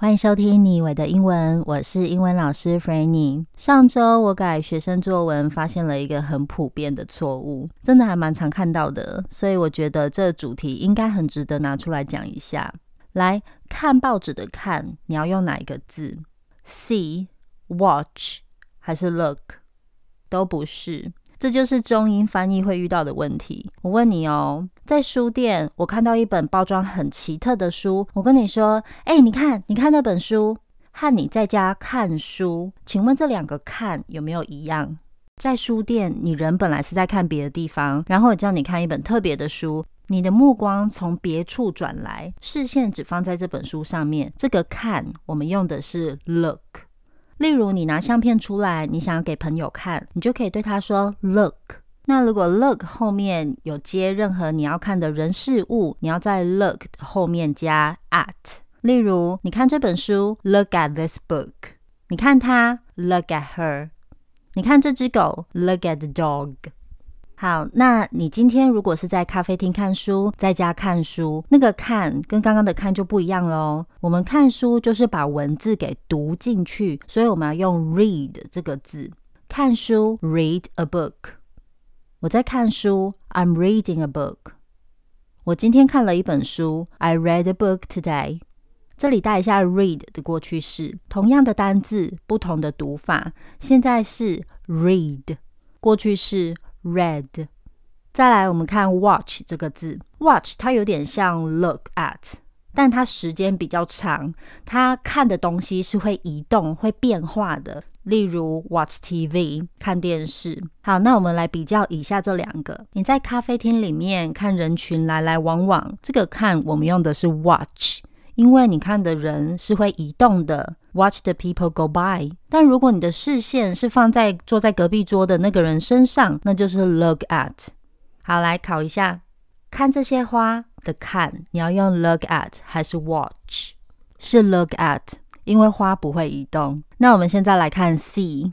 歡迎收聽你我的英文，我是英文老師 Frannie。上週我改學生作文，發現了一個很普遍的錯誤，真的還蠻常看到的，所以我覺得這主題應該很值得拿出來講一下。來看報紙的看，你要用哪一個字？See、Watch 還是 Look？都不是。這就是中英翻譯會遇到的問題。我問你哦，在書店我看到一本包裝很奇特的書，我跟你說，哎、欸，你看，你看那本書，和你在家看書，請問這兩個看有沒有一樣？在書店，你人本來是在看別的地方，然後我叫你看一本特別的書，你的目光從別處轉來，視線只放在這本書上面，這個看我們用的是 look。例如，你拿相片出來，你想要給朋友看，你就可以對他說 “look”。那如果 “look” 後面有接任何你要看的人事物，你要在 “look” 的後面加 “at”。例如，你看這本書，“look at this book”。你看他，“look at her”。你看這隻狗，“look at the dog”。好，那你今天如果是在咖啡廳看書，在家看書，那個看跟剛剛的看就不一樣嘍。我們看書就是把文字給讀進去，所以我們要用 read 這個字。看書 read a book。我在看書，I'm reading a book。我今天看了一本書，I read a book today。這裡帶一下 read 的過去式，同樣的單字，不同的讀法。現在是 read，過去是。Red，再來我們看 watch 這個字，watch 它有點像 look at，但它時間比較長，它看的東西是會移動、會變化的，例如 watch TV 看電視。好，那我們來比較以下這兩個，你在咖啡廳裡面看人群來來往往，這個看我們用的是 watch，因為你看的人是會移動的。Watch the people go by，但如果你的視線是放在坐在隔壁桌的那個人身上，那就是 look at。好，來考一下，看這些花的看，你要用 look at 還是 watch？是 look at，因為花不會移動。那我們現在來看 see。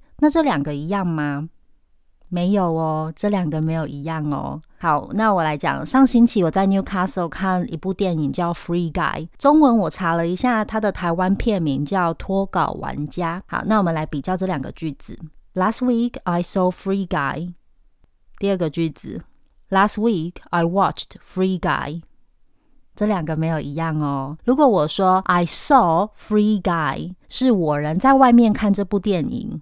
那這兩個一樣嗎？沒有哦，這兩個沒有一樣哦。好，那我來講，上星期我在 Newcastle 看一部電影叫 Free Guy，中文我查了一下，它的台灣片名叫脫稿玩家。好，那我們來比較這兩個句子：Last week I saw Free Guy。第二個句子：Last week I watched Free Guy。這兩個沒有一樣哦。如果我說 I saw Free Guy，是我人在外面看這部電影。